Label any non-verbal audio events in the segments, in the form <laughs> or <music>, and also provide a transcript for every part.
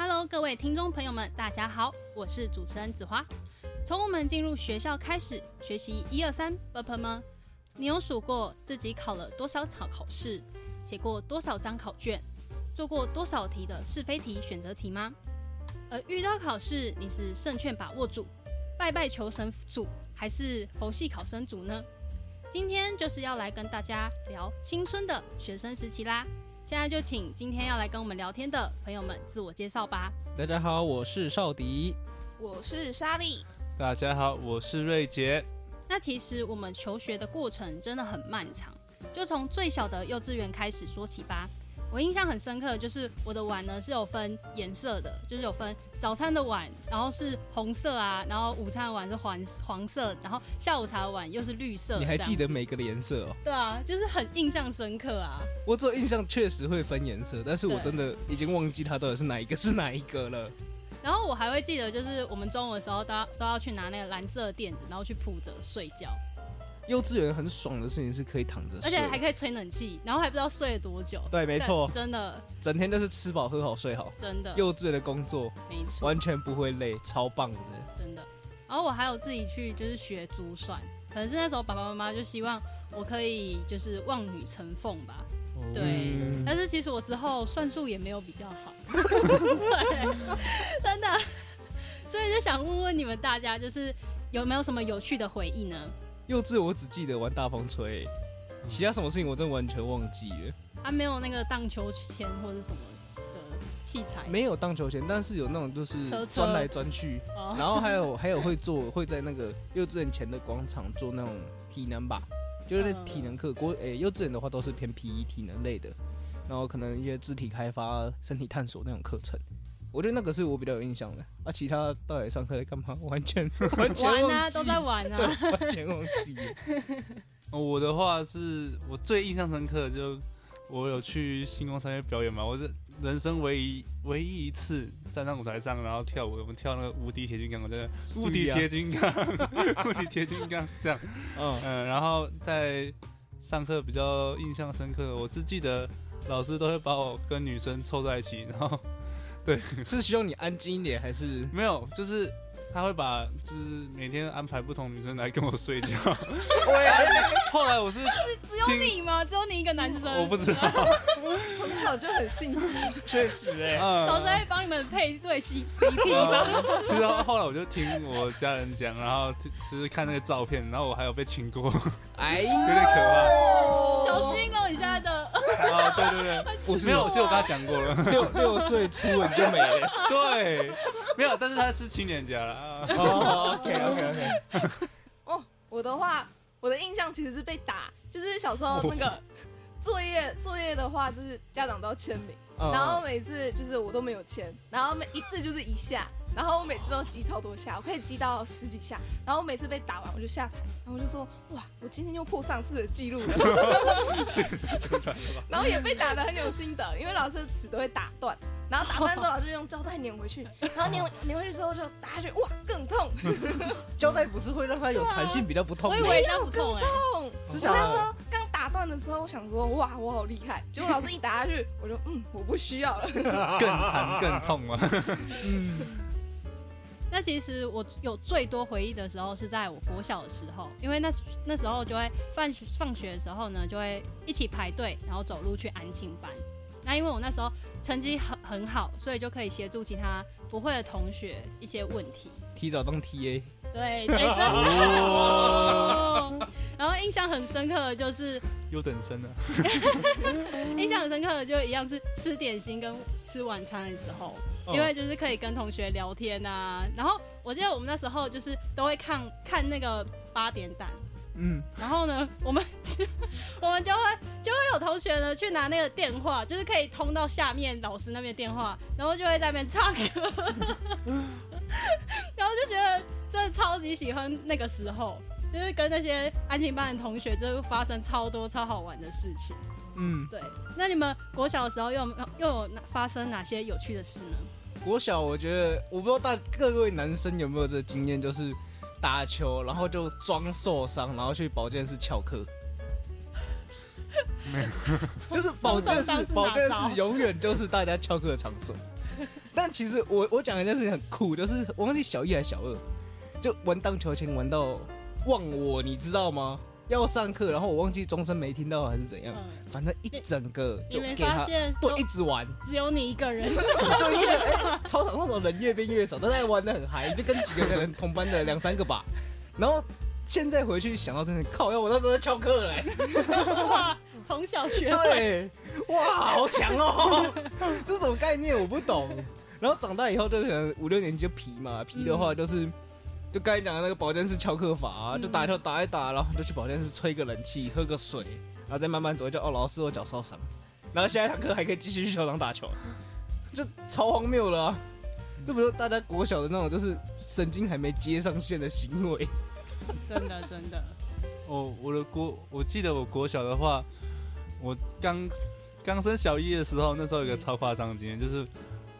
Hello，各位聽眾朋友們，大家好，我是主持人子華。從我們進入學校開始學習一二三 b u r p l e 嗎？你有數過自己考了多少場考試，寫過多少張考卷，做過多少題的是非題、選擇題嗎？而遇到考試，你是勝券把握組、拜拜求神組，還是佛系考生組呢？今天就是要來跟大家聊青春的學生時期啦。現在就請今天要來跟我們聊天的朋友們自我介紹吧。大家好，我是少迪。我是莎莉。大家好，我是瑞杰。那其實我們求學的過程真的很漫長，就從最小的幼稚園開始說起吧。我印象很深刻的，就是我的碗呢，是有分顏色的，就是有分早餐的碗，然後是紅色啊，然後午餐的碗是黃黃色，然後下午茶的碗又是綠色。你還記得每個的顏色哦？對啊，就是很印象深刻啊。我只有印象確實會分顏色，但是我真的已經忘記它到底是哪一個是哪一個了。然後我還會記得，就是我們中午的時候都要都要去拿那個藍色的墊子，然後去鋪着睡覺。幼稚園很爽的事情是可以躺着，而且還可以吹冷氣，然後還不知道睡了多久。對，沒錯，真的，整天都是吃飽喝好睡好，真的。幼稚園的工作，沒錯，完全不會累，超棒的。真的，然後我還有自己去就是學珠算，可能是那時候爸爸媽媽就希望我可以就是望女成鳳吧，哦。對，但是其實我之後算術也沒有比較好 <laughs> <laughs> 對，真的。所以就想問問你們大家，就是有沒有什麼有趣的回憶呢？幼稚，我只記得玩大風吹，欸，其他什麼事情我真的完全忘記了。他、啊、沒有那個盪秋千或者什麼的器材？沒有盪秋千，但是有那種就是鑽來鑽去，車車然後還有 <laughs> 還有會做，會在那個幼稚園前的廣場做那種體能吧，就類似體能課。國、嗯、誒、欸，幼稚園的話都是偏、PE、體能類的，然後可能一些肢體開發、身體探索那種課程。我覺得那個是我比較有印象的，啊，其他到底上課在幹嘛？完全完全玩啊，都在玩啊。完全忘記、哦。我的話是我最印象深刻的就，就我有去星光商業表演嘛，我是人生唯一唯一一次站在舞台上，然後跳舞，我們跳那個無敵鐵金剛，我覺得、啊、無敵鐵金剛， <laughs> 無敵鐵金剛這樣。嗯嗯，然後在上課比較印象深刻，我是記得老師都會把我跟女生湊在一起，然後。對，是希望你安靜一點還是？沒有，就是他會把，就是每天安排不同女生來跟我睡覺。 <laughs> 欸欸、後來我是，是只有你嗎？只有你一個男生？我，我不知道，從小就很幸福確實，哎、欸嗯，老師會幫你們配對 CP 嗎、嗯？其實後來我就聽我家人講，然後就是看那個照片，然後我還有被親過，哎，有點可怕。啊、 <laughs> oh,，對對對，啊、我沒有，所以我是跟他講過了， <laughs> 六六歲初吻就沒了。 <laughs> 對，沒有，但是他是青年家了啊。哦、 <laughs> oh,，OK OK 哦、okay. <laughs> ，oh, 我的話，我的印象其實是被打，就是小時候那個、oh.。 <laughs> 作業作業的話，就是家長都要簽名，然後每次就是我都沒有簽，然後每一次就是一下，然後我每次都擊超多下，我可以擊到十幾下，然後我每次被打完我就下台，然後我就說哇，我今天又破上次的記錄了。 <laughs> <laughs> <laughs> 然後也被打得很有心得，因為老師的尺都會打斷，然後打斷之後老師用膠帶粘回去，然後粘粘回去之後就打下去，哇更痛。 <laughs> 膠帶不是會讓它有彈性比較不痛嗎、啊？我以為那不痛、欸、沒有更痛。之前他說剛。斷的時候，我想說哇，我好厲害！結果老師一打下去，我就嗯，我不需要了。更疼更痛了。嗯 <laughs> 。那其實我有最多回憶的時候是在我國小的時候，因為那那時候就會放放學的時候呢，就會一起排隊，然後走路去安親班。那因為我那時候成績很很好，所以就可以協助其他不會的同學一些問題，提早當 T A。對，對，真的。哦、 <laughs> 然後印象很深刻的就是。優等生呢？ <laughs> 印象很深刻的就一樣是吃點心跟吃晚餐的時候，因為就是可以跟同學聊天啊。然後我記得我們那時候就是都會看看那個八點檔，嗯，然後呢，我們我們就會，就會就會有同學呢去拿那個電話，就是可以通到下面老師那邊電話，然後就會在那邊唱歌，然後就覺得真的超級喜歡那個時候。就是跟那些安親班的同學，就發生超多超好玩的事情。嗯，對。那你們國小的時候又有又有發生哪些有趣的事呢？國小我覺得，我不知道大各位男生有沒有這個經驗，就是打球，然後就裝受傷，然後去保健室翹課。沒有，就是保健室 <laughs> 保健室永遠就是大家翹課的場所。 <laughs> 但其實我我講一件事情很酷，就是我忘記小一還是小二，就玩盪秋千玩到。忘我，你知道嗎？要上課，然後我忘記鐘聲沒聽到還是怎樣？嗯、反正一整個就給他發現，對，一直玩，只有你一個人。對， <laughs> 哎、欸，操場上的人越變越少， <laughs> 但是還玩得很嗨，就跟幾個人同班的兩三個吧。 <laughs> 然後現在回去想到真的 <laughs> 靠，要我那時候翹課、欸、 <laughs> 哇，從小學會，對哇，好強哦、喔！ <laughs> 這種概念？我不懂。然後長大以後就可能五六年級就皮嘛，皮的話就是。嗯就剛才講的那個保健室翹課法、啊，就打球打一打，然後就去保健室吹個冷氣、喝個水，然後再慢慢走就，叫哦老師我腳受傷，然後下一堂課還可以繼續去球場打球，就超荒謬了、啊。嗯、這不就比如大家國小的那種，就是神經還沒接上線的行為，真的真的。哦、oh,，我的國，我記得我國小的話，我剛剛升小一的時候，那時候有一個超誇張的經驗，就是。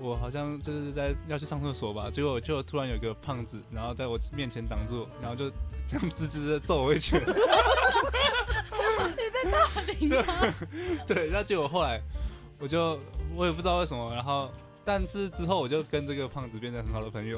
我好像就是在要去上廁所吧，結果就突然有一個胖子，然後在我面前擋住，然後就這樣滋滋的揍我一拳。 <laughs> 你在打你嗎？對，對。然後結果後來，我就我也不知道為什麼，然後但是之後我就跟這個胖子變成很好的朋友。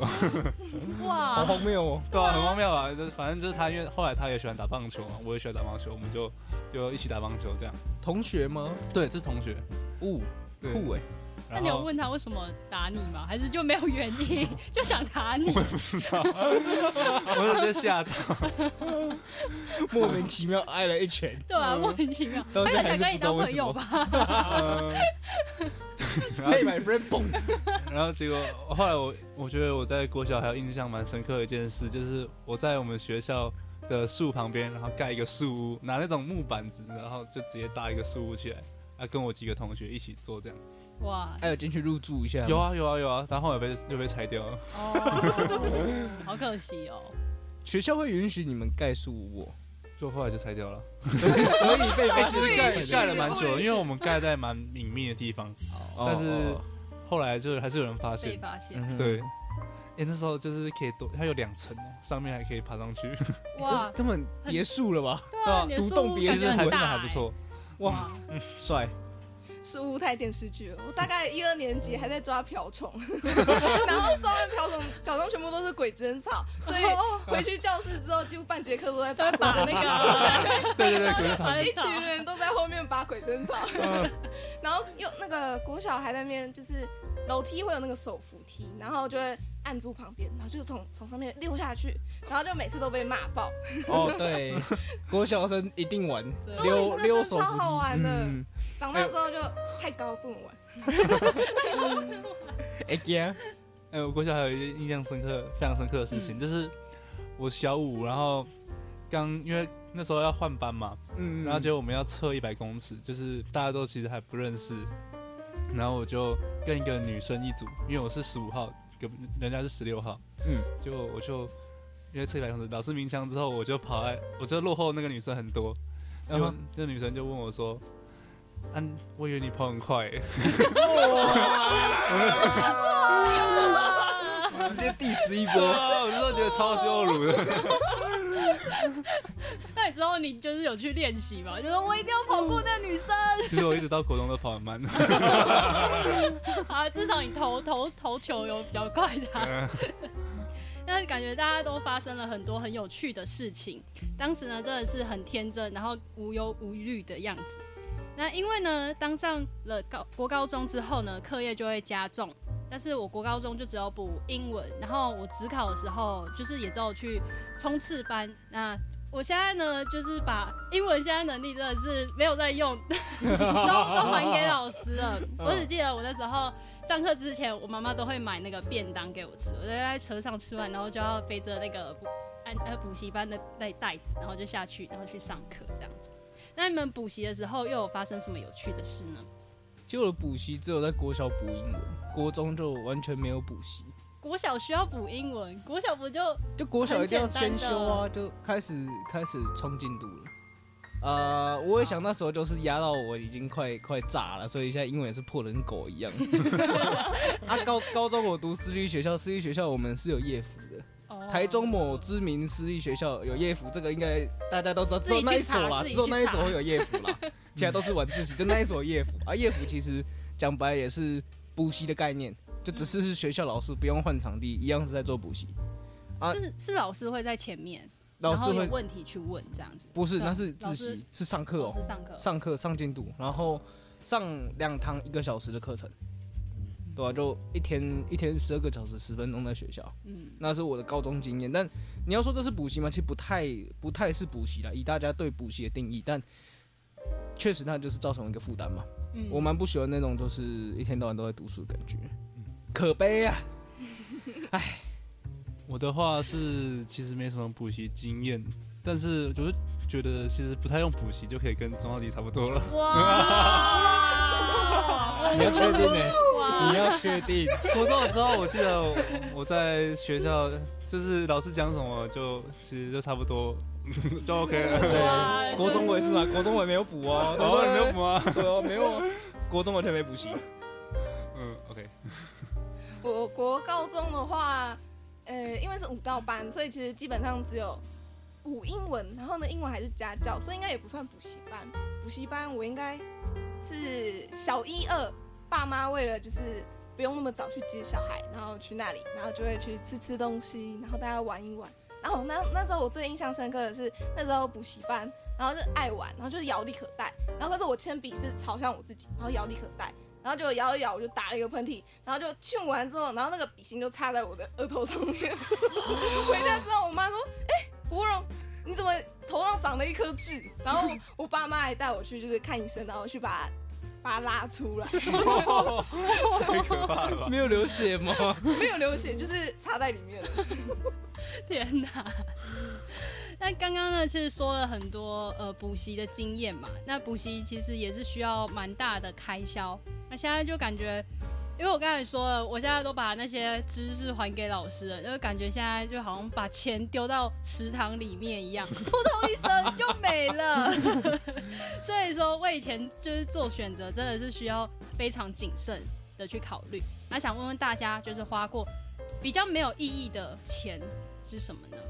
哇， <laughs> 好荒謬哦！對啊，很荒謬啊！就反正就是他，因為後來他也喜歡打棒球嘛，我也喜歡打棒球，我們就就一起打棒球這樣。同學嗎？對，是同學。哦，對，酷欸。那你有問他為什麼打你嗎？還是就沒有原因， <laughs> 就想打你？我也不知道， <laughs> 我有在嚇到， <laughs> <laughs> 莫名其妙挨了一拳。對啊，莫名其妙，嗯、是可以還是為了想跟你當朋友吧。 <laughs> <laughs> Hey my friend， <laughs> <laughs> 然後結果後來我我覺得我在國小還有印象蠻深刻的一件事，就是我在我們學校的樹旁邊，然後蓋一個樹屋，拿那種木板子，然後就直接搭一個樹屋起來，啊，跟我幾個同學一起做這樣。哇！還有進去入住一下？有啊有啊有啊，然後也被又被拆掉了。哦、oh, <laughs> 好可惜哦。學校會允許你們蓋樹屋，就後來就拆掉了， <laughs> 所以被被其實蓋蓋了蠻久，因為我們蓋在蠻隱秘的地方。但是後來就還是有人發現。發現、嗯。對。哎、欸，那時候就是可以躲，它有兩層，上面還可以爬上去。哇！欸、根本別墅了吧？對啊。獨棟別墅還真的還不錯。哇！帥、嗯。嗯帥是舞台電視劇我大概一二年級還在抓瓢蟲， <laughs> <laughs> 然後抓完瓢蟲腳上全部都是鬼針草，所以回去教室之後幾乎半節課都在拔那個， <laughs> 對，對對對，拔 <laughs> 一群人都在後面拔鬼針草， <laughs> 然後又那個國小還在那邊就是樓梯會有那個手扶梯，然後就會按住旁邊，然後就從從上面溜下去，然後就每次都被罵爆。哦對，國 <laughs> 小生一定玩溜溜，溜手扶梯超好玩的。嗯長大之後就太高不能玩。a g a m n 哎，我過去還有一件印象深刻、非常深刻的事情，嗯，就是我小五，然後剛因為那時候要換班嘛，嗯，然後結果我們要測一百公尺，就是大家都其實還不認識，然後我就跟一個女生一組，因為我是十五號，跟人家是十六號，嗯，就我就因為測一百公尺，老師鳴槍之後，我就跑來，來我就落後那個女生很多，然後那個女生就問我說。嗯、啊，我以為你跑很快，我、 <laughs> 哦啊啊、直接第十一波，我那時覺得超羞辱的。哦哦哦哦、 <laughs> <laughs> 那之後你就是有去練習嘛？就說我一定要跑過那個女生。哦。其實我一直到國中都跑很慢。啊， <laughs> <laughs> 至少你投投投球有比較快的。啊。那、嗯、 <laughs> 感覺大家都發生了很多很有趣的事情。當時呢，真的是很天真，然後無憂無慮的樣子。那因為呢，當上了高國高中之後呢，課業就會加重。但是我國高中就只有補英文，然後我指考的時候就是也只有去衝刺班。那我現在呢，就是把英文現在能力真的是沒有在用， <laughs> <laughs> 都都還給老師了。我只記得我那時候上課之前，我媽媽都會買那個便當給我吃，我在在車上吃完，然後就要背着那個補安呃補習班的那袋子，然後就下去，然後去上課這樣子。那你們補習的時候又有發生什麼有趣的事呢？其實我補習只有在國小補英文，國中就完全沒有補習。國小需要補英文，國小不就就國小一定要先修啊，就開始開始衝進度了。呃，我也想那時候就是壓到我已經快快炸了，所以現在英文也是破的跟狗一樣。 <laughs> <laughs> <laughs> 啊，高高中我讀私立學校，私立學校我們是有夜輔。台中某知名私立學校有夜輔，這個應該大家都知道，知道那一所啦，只有那一所會有夜輔啦。 <laughs> 其他都是晚自習，就那一所夜輔， <laughs> 啊。夜輔其實講白也是補習的概念，就只是學校老師不用換場地，一樣是在做補習啊。是是老師會在前面，老師會有問題去問這樣子。不是，那是自習，是上課喔。哦，上課，上課上進度，然後上兩堂一個小時的課程。就一天一天十二個小時十分鐘在學校，嗯，那是我的高中經驗。但你要說這是補習嗎？其實不太不太是補習啦，以大家對補習的定義。但確實它就是造成一個負擔嘛。嗯、我蠻不喜歡那種就是一天到晚都在讀書的感覺，嗯、可悲啊！哎， <laughs> 我的話是其實沒什麼補習經驗，但是我就是覺得其實不太用補習就可以跟中高弟差不多了。哇！ <laughs> 哇 <laughs> 你要確定呢、欸？你要確定，國中的時候我記得我在學校就是老師講什麼就其實就差不多，就 OK 了。對，欸、國中文是啊, <laughs> 中文沒有補啊，國中文沒有補啊，國中沒有補啊，對沒有，國中文特沒補習。嗯,嗯，OK。我國高中的話，呃，因為是舞蹈班，所以其實基本上只有補英文，然後呢，英文還是家教，所以應該也不算補習班。補習班我應該是小一二。爸媽為了就是不用那麼早去接小孩，然後去那裡，然後就會去吃吃東西，然後大家玩一玩。然後那那時候我最印象深刻的是那時候補習班，然後就愛玩，然後就是咬立可帶，然後可是我鉛筆是朝向我自己，然後咬立可帶，然後就咬一咬我就打了一個噴嚏，然後就訓完之後，然後那個筆芯就插在我的額頭上面。 <laughs> 回家之後，我媽說：“哎、欸，芙蓉，你怎麼頭上長了一顆痣？”然後我爸媽還帶我去就是看醫生，然後去把。把它拉出來、oh,， <laughs> 太可怕了吧？沒有流血嗎？ <laughs> 沒有流血，就是插在裡面了 <laughs> 天哪！那剛剛呢？其實說了很多呃補習的經驗嘛。那補習其實也是需要蠻大的開銷。那現在就感覺。因為我剛才說了，我現在都把那些知識還給老師了，就感覺現在就好像把錢丟到池塘裡面一樣，撲通一聲就沒了。 <laughs> 所以說，我以前就是做選擇，真的是需要非常謹慎的去考慮。那、啊、想問問大家，就是花過比較沒有意義的錢是什麼呢？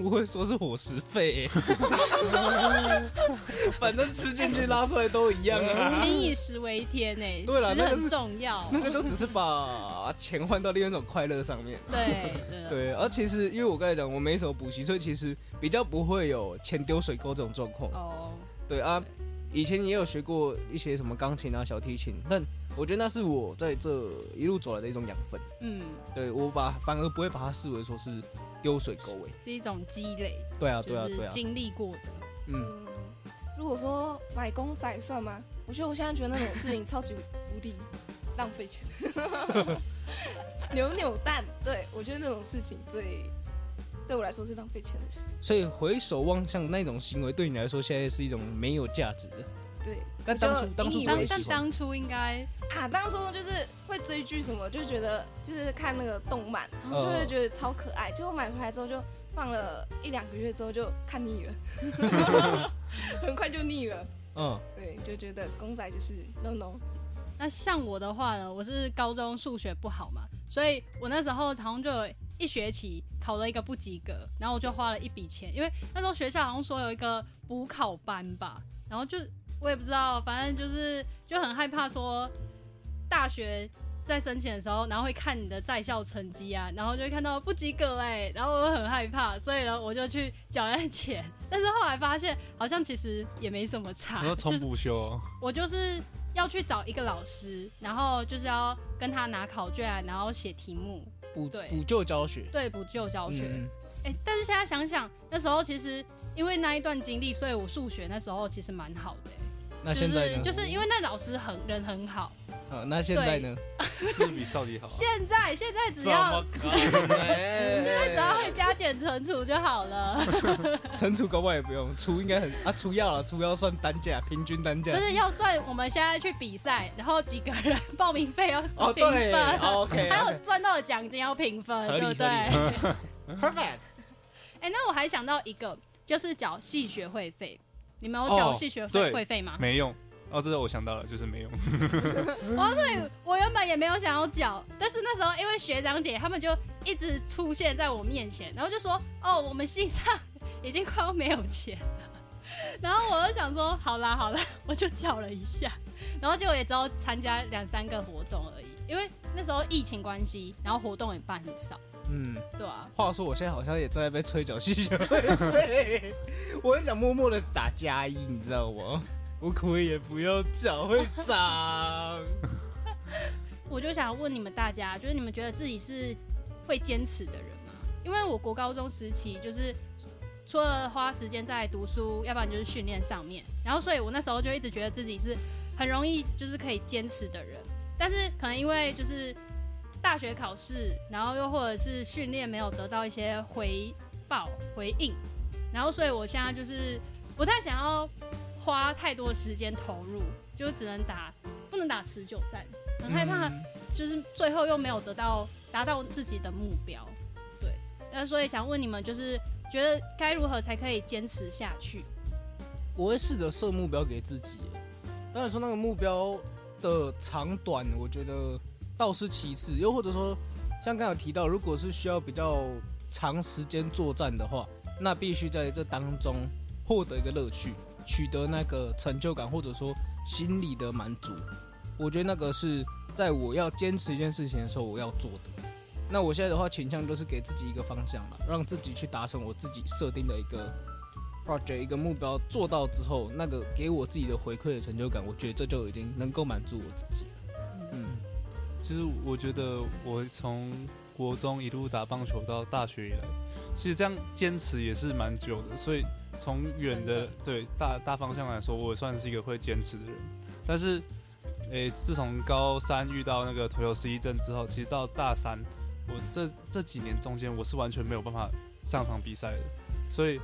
不會說是伙食費，反正吃進去拉出來都一樣啊。民以食為天哎，對了，那很重要。那個就只是把錢換到另外一種快樂上面。對對，而其實因為我剛才講我沒什麼補習，所以其實比較不會有錢丟水溝這種狀況。哦，對啊，以前也有學過一些什麼鋼琴啊、小提琴，但我覺得那是我在這一路走來的一種養分。嗯，對我把反而不會把它視為說是。丟水溝尾是一種積累，對啊，對啊，對啊，就是、經歷過的嗯。嗯，如果說買公仔算嗎？我覺得我現在覺得那種事情超級無敵 <laughs> 浪費錢。 <laughs> 扭扭蛋，對我覺得那種事情最，對我來說是浪費錢的事。所以回首望向像那種行為，對你來說現在是一種沒有價值的。對，但當初當初，當當當初，但當初應該啊，當初就是會追劇什麼，就覺得就是看那個動漫，然後就會覺得超可愛。結果，哦，買回來之後，就放了一兩個月之後就看膩了， <laughs> <laughs> <laughs> 很快就膩了。嗯，對，就覺得公仔就是 no no。那像我的話呢，我是高中數學不好嘛，所以我那時候好像就有一學期考了一個不及格，然後我就花了一筆錢，因為那時候學校好像說有一個補考班吧，然後就。我也不知道，反正就是就很害怕，說大學在申請的時候，然後會看你的在校成績啊，然後就會看到不及格哎、欸，然後我很害怕，所以呢，我就去繳了錢。但是後來發現，好像其實也沒什麼差。我要重補修、就是。我就是要去找一個老師，然後就是要跟他拿考卷，然後寫題目，補，對，補救教學，對，補救教學。哎、嗯欸，但是現在想想，那時候其實因為那一段經歷，所以我數學那時候其實蠻好的、欸。那現在、就是、就是因為那老師很人很好，啊，那現在呢，是比少女好、啊？現在現在只要， <laughs> <laughs> 現在只要會加減乘除就好了。乘除根本也不用，除應該很啊，除要了，除要算單價、平均單價。不、就是要算，我們現在去比賽，然後幾個人報名費要平分、哦對哦、okay, okay, okay. 還有賺到的獎金要平分，對不對？Perfect。哎、 <laughs> <laughs> 欸，那我還想到一個，就是繳系學會費。你們要繳系學會費嗎？哦，沒用。哦，這個我想到了，就是沒用。我 <laughs> 對我原本也沒有想要繳，但是那時候因為學長姐他們就一直出現在我面前，然後就說：“哦，我們系上已經快要沒有錢了。”然後我就想說：“好啦好啦，我就繳了一下。”然後結果也只有參加兩三個活動而已，因為那時候疫情關係，然後活動也辦很少。嗯，對啊。話說我現在好像也正在被吹腳氣，會 <laughs> 我很想默默的打加一，你知道嗎？ <laughs> 我可以也不要腳 <laughs> 會長。我就想問你們大家，就是你們覺得自己是會堅持的人嗎？因為我國高中時期就是除了花時間在讀書，要不然就是訓練上面。然後，所以我那時候就一直覺得自己是很容易就是可以堅持的人，但是可能因為就是。大學考試，然後又或者是訓練沒有得到一些回報、回應，然後所以我現在就是不太想要花太多時間投入，就只能打，不能打持久戰，很害怕就是最後又沒有得到達到自己的目標。對，那所以想問你們，就是覺得該如何才可以堅持下去？我會試着設目標給自己，當然說那個目標的長短，我覺得。倒是其次，又或者說，像剛才有提到，如果是需要比較長時間作戰的話，那必須在這當中獲得一個樂趣，取得那個成就感，或者說心理的滿足。我覺得那個是在我要堅持一件事情的時候，我要做的。那我現在的話，傾向就是給自己一個方向吧，讓自己去達成我自己設定的一個 project 一個目標。做到之後，那個給我自己的回饋的成就感，我覺得這就已經能夠滿足我自己。其實我覺得，我從國中一路打棒球到大學以來，其實這樣堅持也是蠻久的。所以從遠的對大大方向來說，我也算是一個會堅持的人。但是，誒，自從高三遇到那個投球失憶症之後，其實到大三，我這這幾年中間我是完全沒有辦法上場比賽的。所以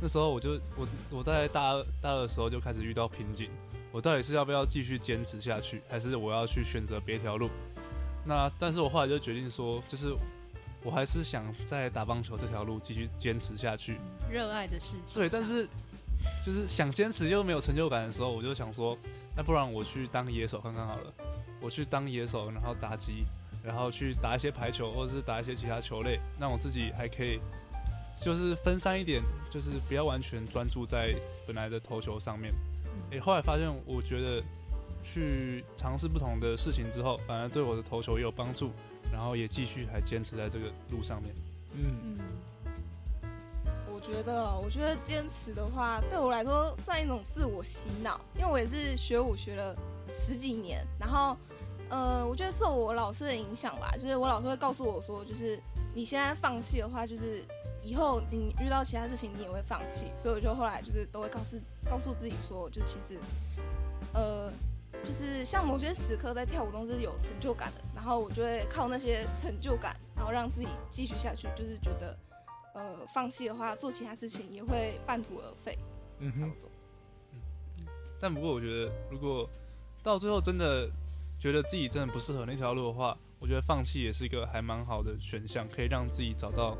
那時候我就我我在大二大二的時候就開始遇到瓶頸，我到底是要不要繼續堅持下去，還是我要去選擇別條路？那，但是我後來就決定說，就是我還是想在打棒球這條路繼續堅持下去，熱愛的事情。對，但是就是想堅持又沒有成就感的時候，我就想說，那不然我去當野手看看好了。我去當野手，然後打擊，然後去打一些排球，或者是打一些其他球類，讓我自己還可以就是分散一點，就是不要完全專注在本來的投球上面。哎、欸，後來發現，我覺得。去嘗試不同的事情之後，反而對我的投球也有幫助，然後也繼續還堅持在這個路上面。嗯，我覺得，我覺得堅持的話，對我來說算一種自我洗腦，因為我也是學武學了十幾年，然後，呃，我覺得受我老師的影響吧，就是我老師會告訴我說，就是你現在放棄的話，就是以後你遇到其他事情你也會放棄，所以我就後來就是都會告訴告訴自己說，就是其實，呃。就是像某些時刻在跳舞中是有成就感的，然後我就會靠那些成就感，然後讓自己繼續下去。就是覺得，呃，放棄的話，做其他事情也會半途而廢。嗯哼。差不多。但不過我覺得，如果到最後真的覺得自己真的不適合那條路的話，我覺得放棄也是一個還蠻好的選項，可以讓自己找到、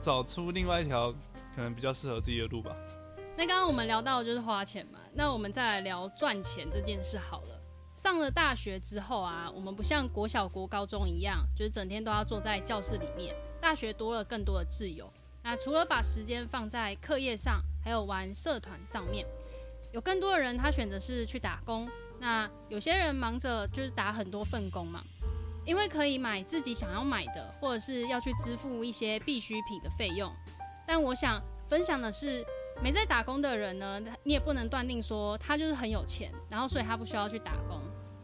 找出另外一條可能比較適合自己的路吧。那剛剛我們聊到的就是花錢嘛，那我們再來聊賺錢這件事好了。上了大學之後啊，我們不像國小、國高中一樣，就是整天都要坐在教室裡面。大學多了更多的自由，那除了把時間放在課業上，還有玩社團上面。有更多的人他選擇是去打工，那有些人忙着就是打很多份工嘛，因為可以買自己想要買的，或者是要去支付一些必需品的費用。但我想分享的是，沒在打工的人呢，你也不能斷定說他就是很有錢，然後所以他不需要去打工，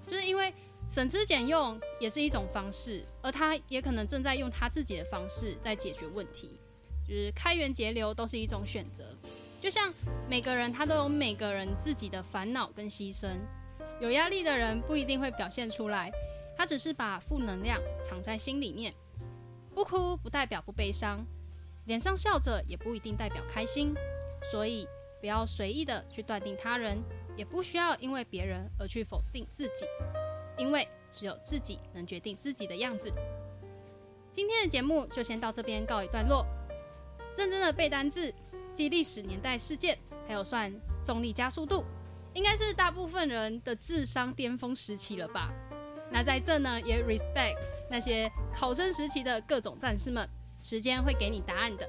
就是因為省吃儉用也是一種方式，而他也可能正在用他自己的方式在解決問題，就是開源節流都是一種選擇。就像每個人他都有每個人自己的煩惱跟犧牲，有壓力的人不一定會表現出來，他只是把負能量藏在心裡面，不哭不代表不悲傷，臉上笑着也不一定代表開心。所以不要隨意的去斷定他人，也不需要因為別人而去否定自己，因為只有自己能決定自己的樣子。今天的節目就先到這邊告一段落。認真的背單字、記歷史年代事件，還有算重力加速度，應該是大部分人的智商巔峰時期了吧？那在這呢，也 respect 那些考生時期的各種戰士們，時間會給你答案的。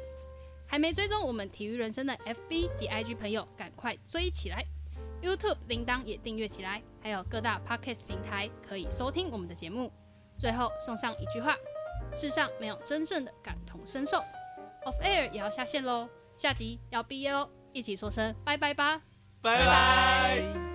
還沒追蹤我們體育人生的 FB 及 IG 朋友，趕快追起來！YouTube 鈴鐺也訂閱起來，還有各大 Podcast 平台可以收聽我們的節目。最後送上一句話：世上沒有真正的感同身受。Off Air 也要下線嘍，下集要畢業哦，一起說聲拜拜吧，拜拜。